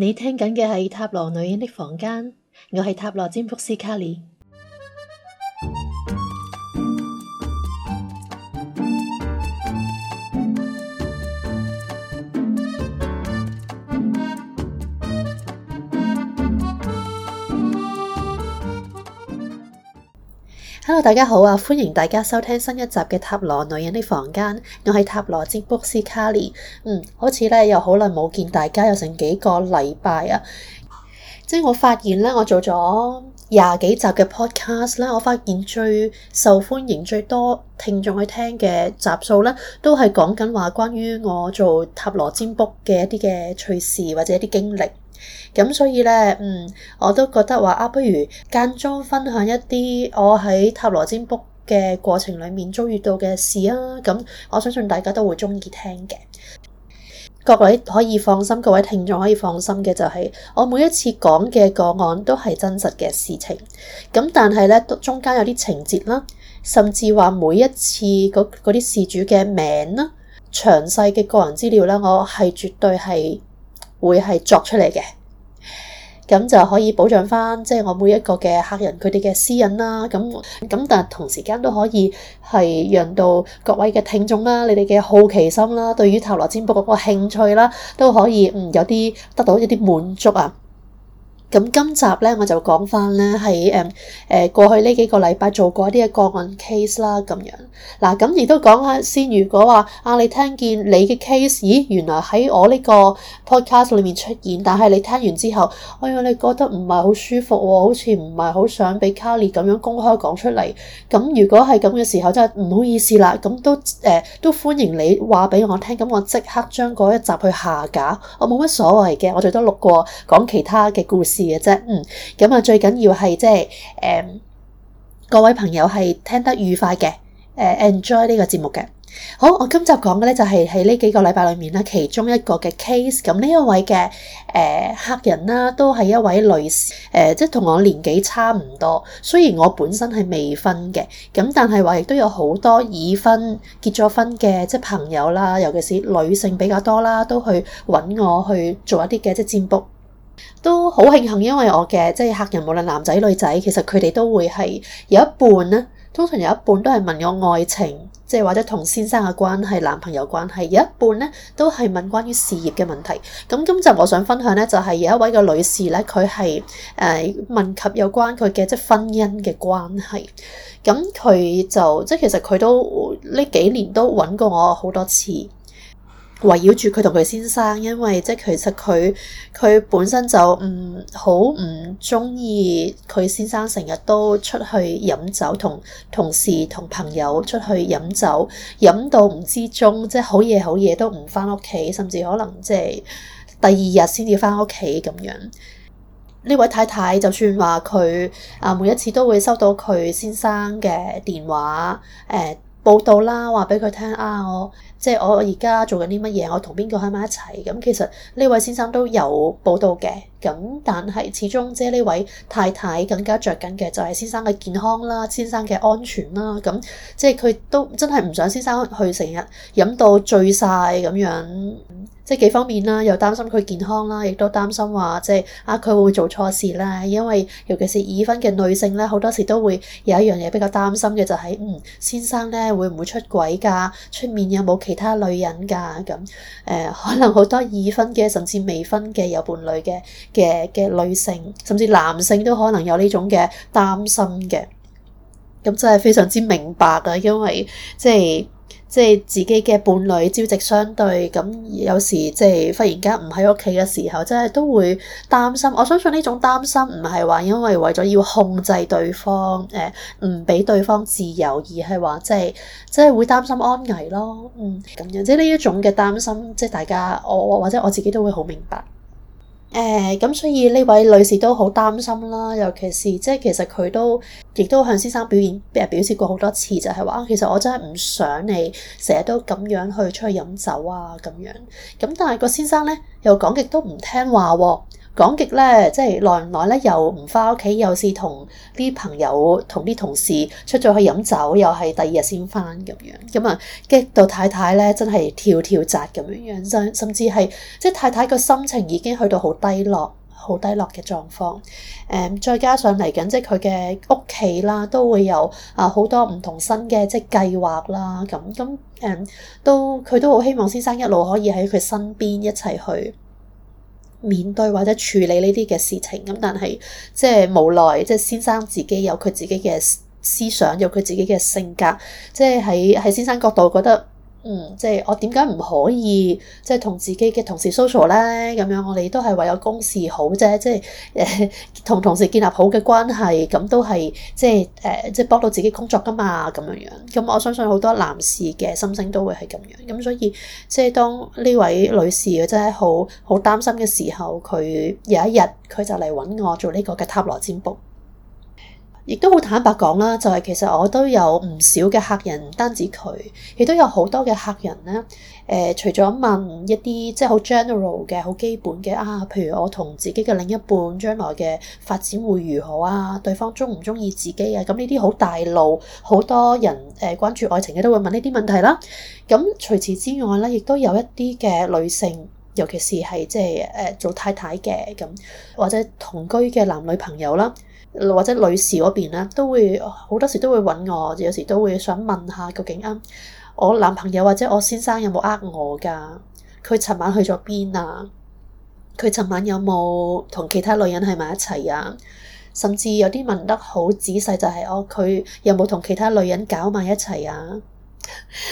你聽緊嘅係《塔羅女人的房間》，我係塔羅占卜師卡莉。Hello，大家好啊！歡迎大家收聽新一集嘅塔羅女人的房間，我係塔羅占卜師卡莉，嗯，好似呢又好耐冇見大家，有成幾個禮拜啊！即係我發現呢，我做咗。廿幾集嘅 podcast 咧，我發現最受歡迎最多聽眾去聽嘅集數咧，都係講緊話關於我做塔羅占卜嘅一啲嘅趣事或者一啲經歷。咁所以咧，嗯，我都覺得話啊，不如間中分享一啲我喺塔羅占卜嘅過程裏面遭遇到嘅事啊。咁我相信大家都會中意聽嘅。各位可以放心、就是，各位聽眾可以放心嘅就係我每一次講嘅個案都係真實嘅事情。咁但係咧，中間有啲情節啦，甚至話每一次嗰嗰啲事主嘅名啦、詳細嘅個人資料啦，我係絕對係會係作出嚟嘅。咁就可以保障翻，即係我每一個嘅客人佢哋嘅私隱啦。咁咁，但係同時間都可以係讓到各位嘅聽眾啦，你哋嘅好奇心啦，對於塔羅占卜嗰個興趣啦，都可以嗯有啲得到一啲滿足啊！咁今集咧，我就講翻咧，喺誒誒過去呢幾個禮拜做過一啲嘅個案 case 啦，咁樣嗱，咁亦都講下先。如果話啊，你聽見你嘅 case，咦原來喺我呢個 podcast 裏面出現，但係你聽完之後，哎呀你覺得唔係好舒服喎，好似唔係好想俾 Carrie 咁樣公開講出嚟。咁、啊、如果係咁嘅時候，真係唔好意思啦。咁都誒、呃、都歡迎你話俾我聽，咁我即刻將嗰一集去下架。我冇乜所謂嘅，我最多錄過講其他嘅故事。嘅啫、嗯就是，嗯，咁啊，最緊要係即係誒，各位朋友係聽得愉快嘅，誒，enjoy 呢個節目嘅。好，我今集講嘅呢就係喺呢幾個禮拜裏面啦，其中一個嘅 case，咁呢一位嘅誒、呃、客人啦、啊，都係一位女士，誒、呃，即係同我年紀差唔多。雖然我本身係未婚嘅，咁但係話亦都有好多已婚結咗婚嘅即係朋友啦，尤其是女性比較多啦，都去揾我去做一啲嘅即占卜。都好慶幸，因為我嘅即係客人，無論男仔女仔，其實佢哋都會係有一半咧，通常有一半都係問我愛情，即係或者同先生嘅關係、男朋友關係，有一半咧都係問關於事業嘅問題。咁今集我想分享咧，就係有一位個女士咧，佢係誒問及有關佢嘅即係婚姻嘅關係，咁佢就即係其實佢都呢幾年都揾過我好多次。圍繞住佢同佢先生，因為即係其實佢佢本身就唔好唔鍾意佢先生成日都出去飲酒，同同事同朋友出去飲酒，飲到唔知中，即係好夜好夜都唔返屋企，甚至可能即係第二日先至返屋企咁樣。呢位太太就算話佢啊，每一次都會收到佢先生嘅電話誒、呃、報道啦，話俾佢聽啊，我。即係我而家做緊啲乜嘢，我同邊個喺埋一齊？咁其實呢位先生都有報道嘅，咁但係始終即係呢位太太更加着緊嘅就係先生嘅健康啦，先生嘅安全啦。咁即係佢都真係唔想先生去成日飲到醉晒咁樣，即係幾方面啦，又擔心佢健康啦，亦都擔心話即係啊佢會做錯事啦。因為尤其是已婚嘅女性咧，好多時都會有一樣嘢比較擔心嘅就係嗯先生咧會唔會出軌㗎？出面有冇？其他女人噶咁，誒、呃、可能好多已婚嘅，甚至未婚嘅有伴侶嘅嘅嘅女性，甚至男性都可能有呢種嘅擔心嘅，咁真係非常之明白嘅，因為即係。即係自己嘅伴侶朝夕相對，咁有時即係忽然間唔喺屋企嘅時候，即係都會擔心。我相信呢種擔心唔係話因為為咗要控制對方，誒唔俾對方自由，而係話即係即係會擔心安危咯。嗯，咁樣即係呢一種嘅擔心，即係大家我或者我自己都會好明白。誒，咁、呃、所以呢位女士都好擔心啦，尤其是即係其實佢都亦都向先生表現、呃、表表示過好多次，就係話啊，其實我真係唔想你成日都咁樣去出去飲酒啊咁樣。咁但係個先生咧又講極都唔聽話喎、啊。講極咧，即係耐唔耐咧，又唔返屋企，又是同啲朋友、同啲同事出咗去飲酒，又係第二日先返咁樣，咁啊，激到太太咧真係跳跳紮咁樣樣，甚甚至係即係太太個心情已經去到好低落、好低落嘅狀況。誒、嗯，再加上嚟緊即係佢嘅屋企啦，都會有啊好多唔同新嘅即係計劃啦，咁咁誒都佢都好希望先生一路可以喺佢身邊一齊去面對或者處理呢啲嘅事情咁，但係即係無奈，即係先生自己有佢自己嘅思想，有佢自己嘅性格，即係喺喺先生角度覺得。嗯，即係我點解唔可以即係同自己嘅同事 social 咧？咁樣我哋都係為咗公事好啫，即係誒同同事建立好嘅關係，咁都係即係誒即係幫到自己工作噶嘛咁樣樣。咁我相信好多男士嘅心聲都會係咁樣咁樣，所以即係當呢位女士真係好好擔心嘅時候，佢有一日佢就嚟揾我做呢個嘅塔羅占卜。亦都好坦白講啦，就係、是、其實我都有唔少嘅客人，唔單止佢，亦都有好多嘅客人咧。誒、呃，除咗問一啲即係好 general 嘅、好基本嘅啊，譬如我同自己嘅另一半將來嘅發展會如何啊？對方中唔中意自己啊？咁呢啲好大路，好多人誒、呃、關注愛情嘅都會問呢啲問題啦。咁、嗯、除此之外咧，亦都有一啲嘅女性，尤其是係即係誒做太太嘅咁、嗯，或者同居嘅男女朋友啦。或者女士嗰邊咧，都會好多時都會揾我，有時都會想問下究竟。啊，我男朋友或者我先生有冇呃我噶？佢尋晚去咗邊啊？佢尋晚有冇同其他女人喺埋一齊啊？甚至有啲問得好仔細，就是，就係我佢有冇同其他女人搞埋一齊啊？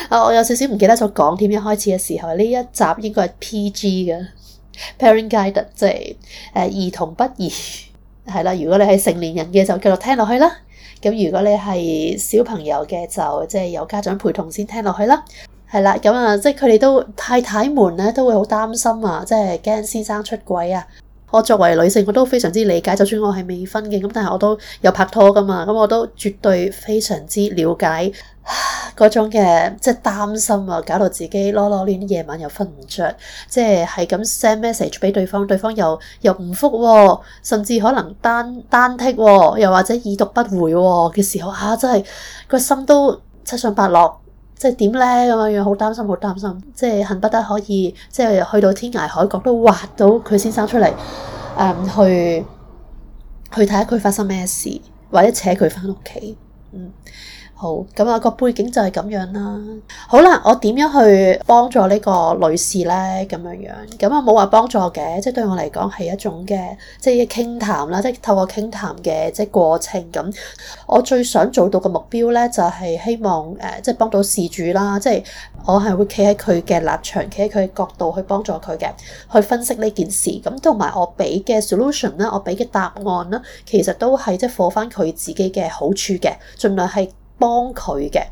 啊，我有少少唔記得咗講添，一開始嘅時候呢一集應該係 P G 噶 ，Parent Guide 即、就、係、是、誒、啊、兒童不宜。係啦，如果你係成年人嘅就繼續聽落去啦，咁如果你係小朋友嘅就即係有家長陪同先聽落去啦。係啦，咁啊即係佢哋都太太們咧都會好擔心啊，即係驚先生出軌啊。我作為女性我都非常之理解，就算我係未婚嘅咁，但係我都有拍拖噶嘛，咁我都絕對非常之了解。嗰種嘅即係擔心啊，搞到自己囉囉攣，夜晚又瞓唔着，即係係咁 send message 俾對方，對方又又唔覆喎，甚至可能單單剔喎、哦，又或者已讀不回嘅、哦、時候，啊，真係個心都七上八落，即係點呢？咁樣，好擔心，好擔心，即係恨不得可以即係去到天涯海角都挖到佢先生出嚟，誒、嗯、去去睇下佢發生咩事，或者扯佢翻屋企，嗯。好咁啊，個背景就係咁樣啦。好啦，我點樣去幫助呢個女士呢？咁樣樣咁啊，冇話幫助嘅，即係對我嚟講係一種嘅，即係傾談啦，即係透過傾談嘅即係過程咁。我最想做到嘅目標呢，就係、是、希望誒、呃，即係幫到事主啦。即係我係會企喺佢嘅立場，企喺佢嘅角度去幫助佢嘅，去分析呢件事咁，同埋我俾嘅 solution 咧，我俾嘅答案咧，其實都係即係貨翻佢自己嘅好處嘅，儘量係。幫佢嘅，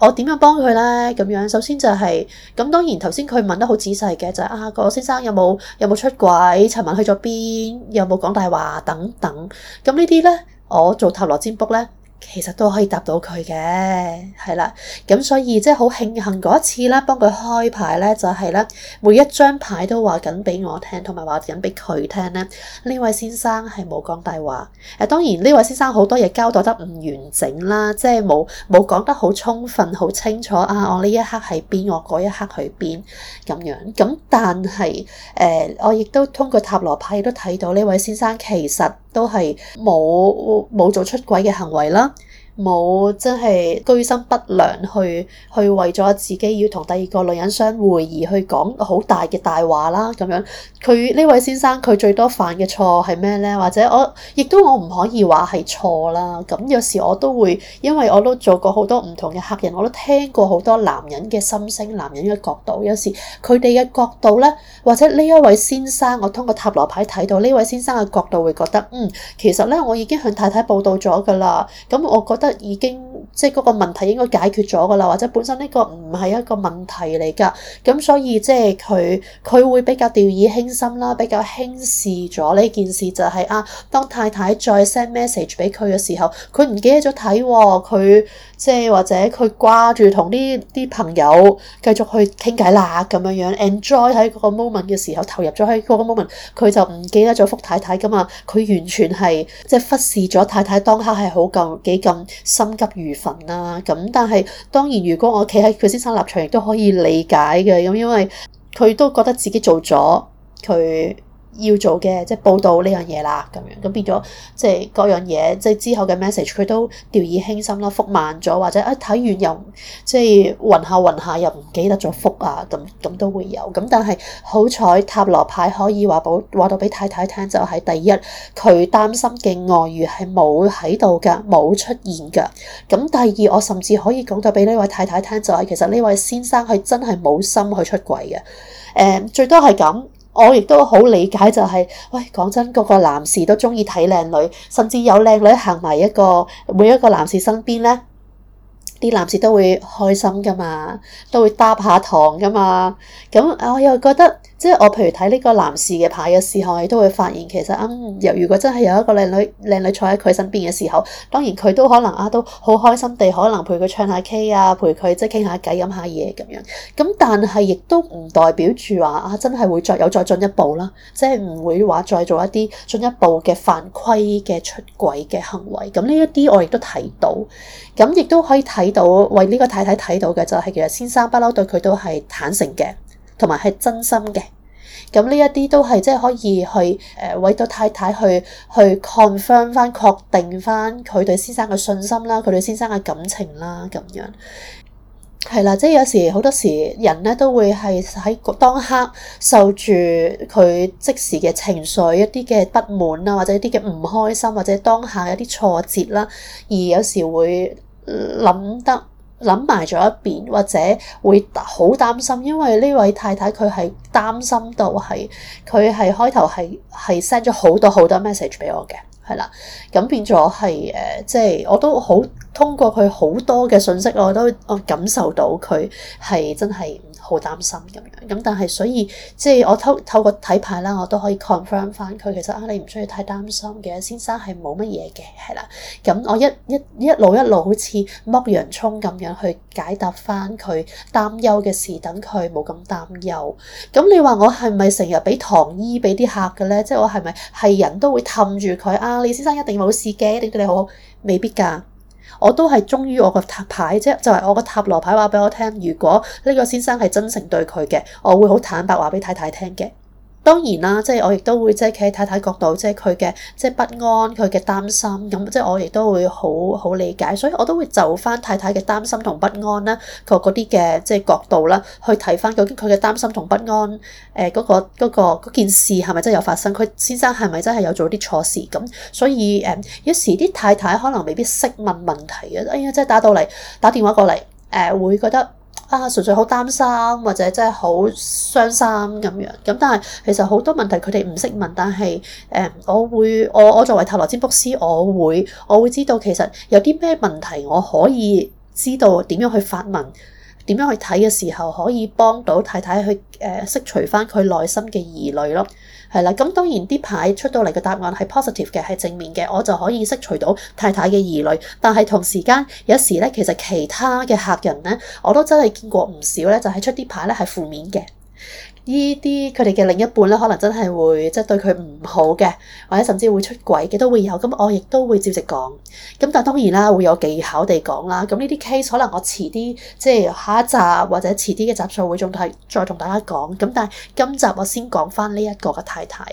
我點樣幫佢呢？咁樣首先就係、是、咁，當然頭先佢問得好仔細嘅，就係、是、啊，個先生有冇有冇出軌？尋晚去咗邊？有冇講大話？等等，咁呢啲呢，我做塔羅占卜呢。其實都可以答到佢嘅，係啦。咁所以即係好慶幸嗰一次啦，幫佢開牌咧，就係、是、咧每一張牌都話緊俾我聽，同埋話緊俾佢聽咧。呢位先生係冇講大話。誒當然呢位先生好多嘢交代得唔完整啦，即係冇冇講得好充分、好清楚啊。我呢一刻喺邊，我嗰一刻喺邊咁樣。咁但係誒、呃，我亦都通過塔羅牌亦都睇到呢位先生其實。都係冇冇做出軌嘅行為啦。冇真係居心不良去，去去為咗自己要同第二個女人相會而去講好大嘅大話啦咁樣。佢呢位先生佢最多犯嘅錯係咩呢？或者我亦都我唔可以話係錯啦。咁有時我都會因為我都做過好多唔同嘅客人，我都聽過好多男人嘅心聲、男人嘅角度。有時佢哋嘅角度呢，或者呢一位先生，我通過塔羅牌睇到呢位先生嘅角度會覺得，嗯，其實呢，我已經向太太報道咗㗎啦。咁我覺得。已經。即係嗰個問題應該解決咗㗎啦，或者本身呢個唔係一個問題嚟㗎，咁所以即係佢佢會比較掉以輕心啦，比較輕視咗呢件事就係、是、啊，當太太再 send message 俾佢嘅時候，佢唔記得咗睇喎，佢、哦、即係或者佢掛住同呢啲朋友繼續去傾偈啦，咁樣樣 enjoy 喺個 moment 嘅時候投入咗喺嗰個 moment，佢就唔記得咗福太太㗎嘛，佢完全係即係忽視咗太太當刻係好夠幾咁心急月份啦，咁但係當然，如果我企喺佢先生立場，亦都可以理解嘅，咁因為佢都覺得自己做咗佢要做嘅即係報導呢樣嘢啦，咁樣咁變咗即係各樣嘢，即係之後嘅 message，佢都掉以輕心咯，覆慢咗或者一睇完又即係暈下暈下又唔記得咗覆啊，咁咁都會有。咁但係好彩塔羅牌可以話保話到俾太太聽，就係第一，佢擔心嘅外遇係冇喺度㗎，冇出現㗎。咁第二，我甚至可以講到俾呢位太太聽，就係其實呢位先生佢真係冇心去出軌嘅，誒，最多係咁。我亦都好理解、就是，就係喂，講真，個個男士都鍾意睇靚女，甚至有靚女行埋一個每一個男士身邊咧，啲男士都會開心㗎嘛，都會搭下堂㗎嘛，咁我又覺得。即係我譬如睇呢個男士嘅牌嘅時候，你都會發現其實，嗯，由如果真係有一個靚女靚女坐喺佢身邊嘅時候，當然佢都可能啊都好開心地，可能陪佢唱下 K 啊，陪佢即係傾下偈飲下嘢咁樣。咁但係亦都唔代表住話啊，真係會再有再進一步啦，即係唔會話再做一啲進一步嘅犯規嘅出軌嘅行為。咁呢一啲我亦都睇到，咁亦都可以睇到為呢個太太睇到嘅就係、是、其實先生不嬲對佢都係坦誠嘅。同埋係真心嘅，咁呢一啲都係即係可以去誒、呃，為到太太去去 confirm 翻、確定翻佢對先生嘅信心啦，佢對先生嘅感情啦，咁樣係啦。即係有時好多時人呢都會係喺當刻受住佢即時嘅情緒一啲嘅不滿啊，或者一啲嘅唔開心，或者當下一啲挫折啦，而有時會諗得。諗埋咗一邊，或者會好擔心，因為呢位太太佢係擔心到係，佢係開頭係係 send 咗好多好多 message 俾我嘅，係啦，咁變咗係誒，即係我都好通過佢好多嘅信息，我都我感受到佢係真係。好擔心咁樣，咁但係所以即係我透透過睇牌啦，我都可以 confirm 翻佢其實啊，你唔需要太擔心嘅，先生係冇乜嘢嘅，係啦。咁、嗯、我一一一路一路好似剝洋葱咁樣去解答翻佢擔憂嘅事，等佢冇咁擔憂。咁、嗯、你話我係咪成日俾糖醫俾啲客嘅咧？即係我係咪係人都會氹住佢啊？你先生一定冇事嘅，一定對你好好，未必㗎。我都係忠於我個塔牌，即係就係我個塔羅牌話俾我聽，如果呢個先生係真誠對佢嘅，我會好坦白話俾太太聽嘅。當然啦，即係我亦都會即係企喺太太角度，即係佢嘅即係不安，佢嘅擔心咁，即係我亦都會好好理解，所以我都會就翻太太嘅擔心同不安啦，個嗰啲嘅即係角度啦，去睇翻究竟佢嘅擔心同不安、嗰個，誒、嗰、嗰個嗰件事係咪真係有發生？佢先生係咪真係有做啲錯事？咁所以誒，有時啲太太可能未必識問問題嘅，哎呀，即係打到嚟，打電話過嚟，誒會覺得。啊，純粹好擔心或者真係好傷心咁樣，咁但係其實好多問題佢哋唔識問，但係誒、嗯，我會我我作為塔羅占卜師，我會我會知道其實有啲咩問題我可以知道點樣去發問，點樣去睇嘅時候可以幫到太太去誒，釋、啊、除返佢內心嘅疑慮咯。係啦，咁當然啲牌出到嚟嘅答案係 positive 嘅，係正面嘅，我就可以釋除到太太嘅疑慮。但係同時間有時呢，其實其他嘅客人呢，我都真係見過唔少呢，就係、是、出啲牌咧係負面嘅。呢啲佢哋嘅另一半咧，可能真係會即係、就是、對佢唔好嘅，或者甚至會出軌嘅都會有。咁我亦都會照直講。咁但係當然啦，會有技巧地講啦。咁呢啲 case 可能我遲啲即係下一集或者遲啲嘅集數會仲係再同大家講。咁但係今集我先講翻呢一個嘅太太。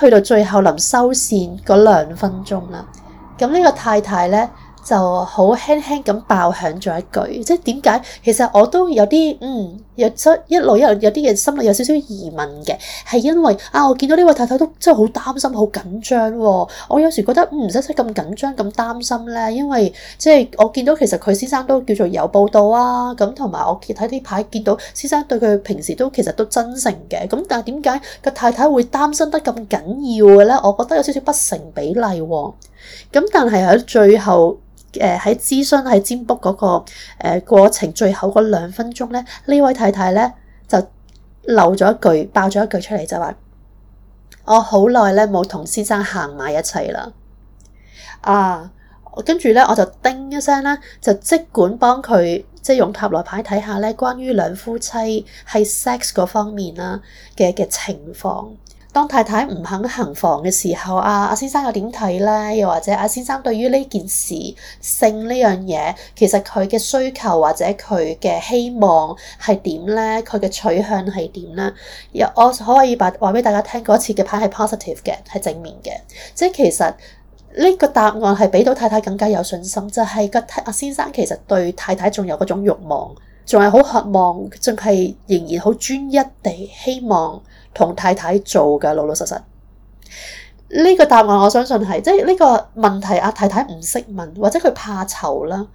去到最後臨收線嗰兩分鐘啦，咁呢個太太呢，就好輕輕咁爆響咗一句，即係點解？其實我都有啲嗯，有出一路一路有啲嘢心裏有少少疑問嘅，係因為啊，我見到呢位太太都真係好擔心、好緊張喎。我有時覺得唔使出咁緊張、咁、嗯、擔心咧，因為即係我見到其實佢先生都叫做有報道啊，咁同埋我睇睇呢排見到先生對佢平時都其實都真誠嘅，咁但係點解個太太會擔心得咁緊要嘅咧？我覺得有少少不成比例喎、哦。咁但係喺最後。誒喺諮詢喺占卜嗰個誒過程最後嗰兩分鐘咧，呢位太太咧就漏咗一句，爆咗一句出嚟就話：我好耐咧冇同先生行埋一齊啦啊！跟住咧我就叮一聲咧，就即管幫佢即係用塔羅牌睇下咧，關於兩夫妻喺 sex 嗰方面啦嘅嘅情況。當太太唔肯行房嘅時候，阿、啊、阿先生又點睇咧？又或者阿、啊、先生對於呢件事性呢樣嘢，其實佢嘅需求或者佢嘅希望係點咧？佢嘅取向係點咧？又我可以把話俾大家聽，嗰次嘅牌係 positive 嘅，係正面嘅。即係其實呢、這個答案係俾到太太更加有信心，就係、是、個阿先生其實對太太仲有嗰種慾望。仲係好渴望，仲係仍然好專一地希望同太太做嘅老老實實。呢個答案我相信係，即係呢個問題阿太太唔識問，或者佢怕醜啦，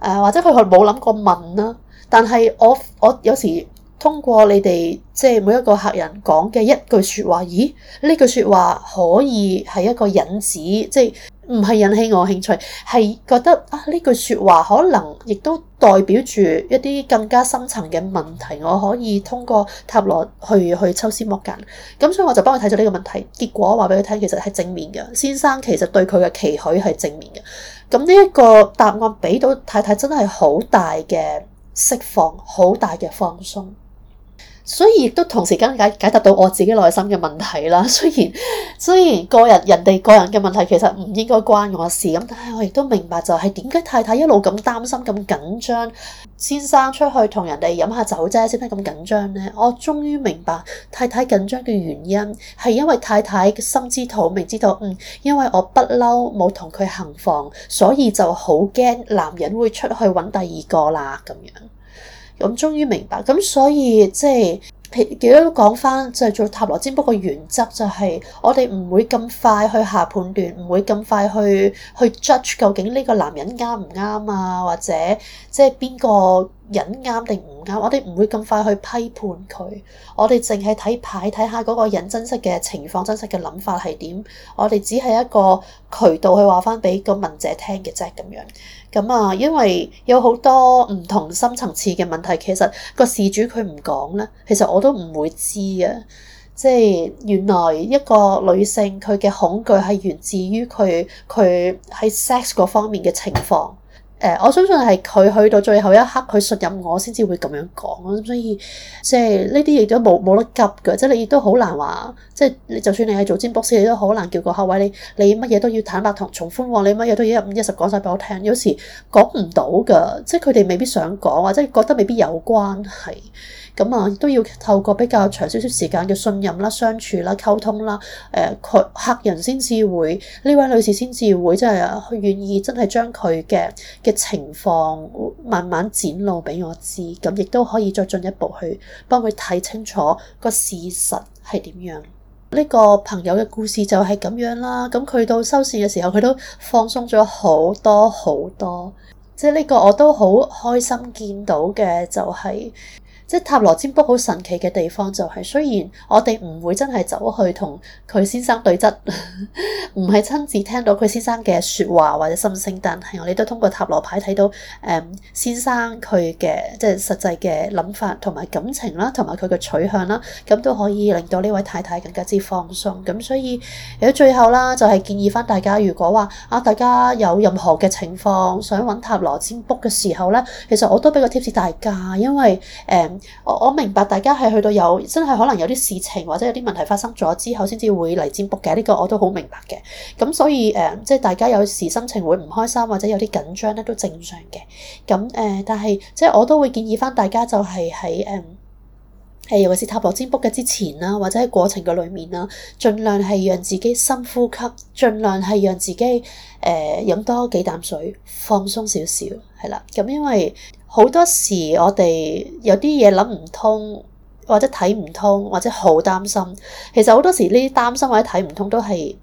誒或者佢佢冇諗過問啦。但係我我有時。通過你哋即係每一個客人講嘅一句説話，咦？呢句説話可以係一個引子，即係唔係引起我興趣，係覺得啊，呢句説話可能亦都代表住一啲更加深層嘅問題。我可以通過塔羅去抽絲剝繭咁，所以我就幫佢睇咗呢個問題。結果話俾佢聽，其實係正面嘅。先生其實對佢嘅期許係正面嘅。咁呢一個答案俾到太太真係好大嘅釋放，好大嘅放鬆。所以亦都同時間解解答到我自己內心嘅問題啦。雖然雖然個人人哋個人嘅問題其實唔應該關我事，咁但係我亦都明白就係點解太太一路咁擔心咁緊張，先生出去同人哋飲下酒啫，先得咁緊張呢？我終於明白太太緊張嘅原因係因為太太心知肚明知道，嗯，因為我不嬲冇同佢行房，所以就好驚男人會出去揾第二個啦咁樣。咁終於明白，咁所以即係幾都講返就係做塔羅占卜個原則就係、是、我哋唔會咁快去下判斷，唔會咁快去去 judge 究竟呢個男人啱唔啱啊，或者即係邊個？人啱定唔啱？我哋唔會咁快去批判佢，我哋淨係睇牌，睇下嗰個人真實嘅情況、真實嘅諗法係點。我哋只係一個渠道去話翻俾個問者聽嘅啫，咁樣。咁啊，因為有好多唔同深層次嘅問題，其實個事主佢唔講咧，其實我都唔會知呀。即係原來一個女性佢嘅恐懼係源自於佢佢喺 sex 嗰方面嘅情況。誒、呃，我相信係佢去到最後一刻，佢信任我先至會咁樣講咯。所以即係呢啲亦都冇冇得急嘅，即係你亦都好難話，即係你就算你係做占卜師，你都好難叫個客位你，你乜嘢都要坦白同從寬，你乜嘢都要一五一十講晒俾我聽。有時講唔到㗎，即係佢哋未必想講，或者覺得未必有關係。咁啊，都要透過比較長少少時間嘅信任啦、相處啦、溝通啦，誒、呃，佢客人先至會呢位女士先至會即係願意真係將佢嘅。嘅情況慢慢展露俾我知，咁亦都可以再進一步去幫佢睇清楚個事實係點樣。呢個朋友嘅故事就係咁樣啦。咁佢到收線嘅時候，佢都放鬆咗好多好多。即係呢個我都好開心見到嘅就係。即塔羅占卜好神奇嘅地方，就係雖然我哋唔會真係走去同佢先生對質，唔 係親自聽到佢先生嘅説話或者心聲，但係我哋都通過塔羅牌睇到誒、嗯、先生佢嘅即係實際嘅諗法同埋感情啦，同埋佢嘅取向啦，咁都可以令到呢位太太更加之放鬆。咁所以喺最後啦，就係、是、建議翻大家，如果話啊，大家有任何嘅情況想揾塔羅占卜嘅時候呢，其實我都俾個 tips 大家，因為誒。嗯我我明白大家係去到有真係可能有啲事情或者有啲問題發生咗之後，先至會嚟占卜嘅。呢個我都好明白嘅。咁所以誒，即係大家有時心情會唔開心或者有啲緊張咧，都正常嘅。咁誒，但係即係我都會建議翻大家就係喺誒誒，尤其是塔羅占卜嘅之前啦，或者喺過程嘅裏面啦，盡量係讓自己深呼吸，盡量係讓自己誒飲多幾啖水，放鬆少少係啦。咁因為。好多時我哋有啲嘢諗唔通，或者睇唔通，或者好擔心。其實好多時呢啲擔心或者睇唔通都係，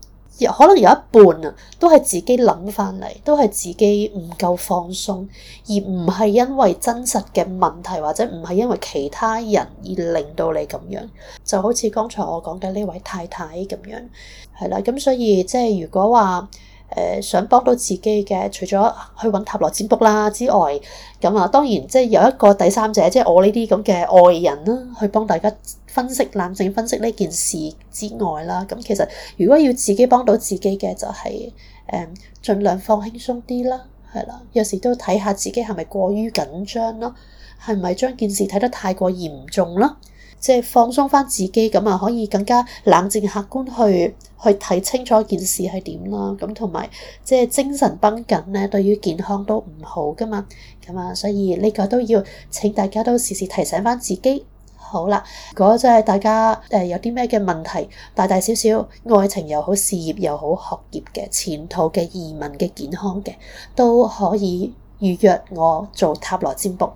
可能有一半啊，都係自己諗翻嚟，都係自己唔夠放鬆，而唔係因為真實嘅問題，或者唔係因為其他人而令到你咁樣。就好似剛才我講嘅呢位太太咁樣，係啦。咁所以即係如果話。想幫到自己嘅，除咗去揾塔羅占卜啦之外，咁啊當然即係有一個第三者，即係我呢啲咁嘅外人啦，去幫大家分析、冷靜分析呢件事之外啦。咁其實如果要自己幫到自己嘅，就係誒盡量放輕鬆啲啦，係啦，有時都睇下自己係咪過於緊張咯，係咪將件事睇得太過嚴重咯？即係放鬆翻自己，咁啊可以更加冷靜客觀去去睇清楚件事係點啦。咁同埋即係精神繃緊咧，對於健康都唔好噶嘛。咁啊，所以呢個都要請大家都時時提醒翻自己。好啦，如果真係大家誒有啲咩嘅問題，大大小小，愛情又好，事業又好，學業嘅前途嘅移民嘅健康嘅，都可以預約我做塔羅占卜。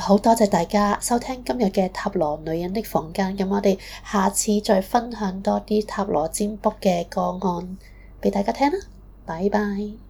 好多謝大家收聽今日嘅塔羅女人的房間，咁我哋下次再分享多啲塔羅占卜嘅個案畀大家聽啦，拜拜。